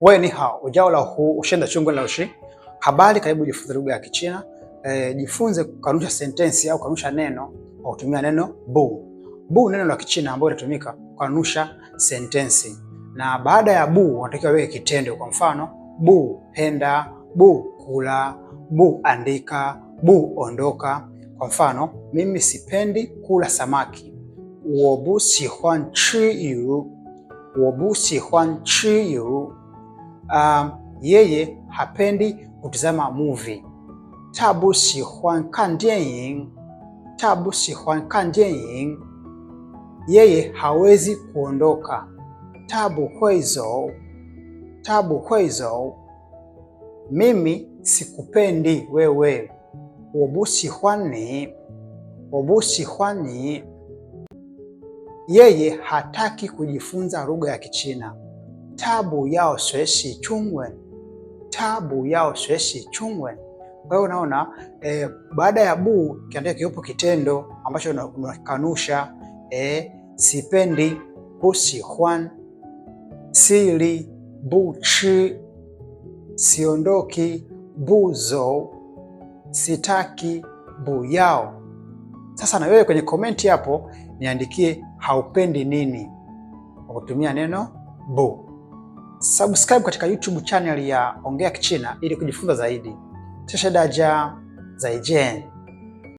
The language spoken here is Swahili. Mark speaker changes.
Speaker 1: Wewe ni hao ujao la hu ushenda chungu la ushi habari, karibu jifunze lugha ya Kichina. E, jifunze kukanusha sentensi au kanusha neno kwa kutumia neno bu. Bu neno la Kichina ambalo linatumika kukanusha sentensi, na baada ya bu unatakiwa weke kitendo. Kwa mfano, bu penda, bu kula, bu andika, bu ondoka. Kwa mfano, mimi sipendi kula samaki, wo bu si huan chi yu, wo bu si huan chi yu um, yeye hapendi kutizama movie. Tabu si huan kan dianying. Tabu si huan kan dianying. Yeye hawezi kuondoka. Tabu huizo. Tabu huizo. Mimi sikupendi wewe. Wobu si huani. Wobu si huani. Yeye hataki kujifunza lugha ya Kichina. 他不要学习中文，他不要学习中文. Kwa hiyo unaona eh, baada ya bu kiandika kiwepo kitendo ambacho unakanusha eh, sipendi, busihan, sili, bu buchi, siondoki, bu buzo, sitaki, bu yao Sasa na wewe kwenye komenti hapo niandikie haupendi nini kwa kutumia neno bu. Subscribe katika YouTube channel ya Ongea Kichina ili kujifunza zaidi. Teshadaja zaijen.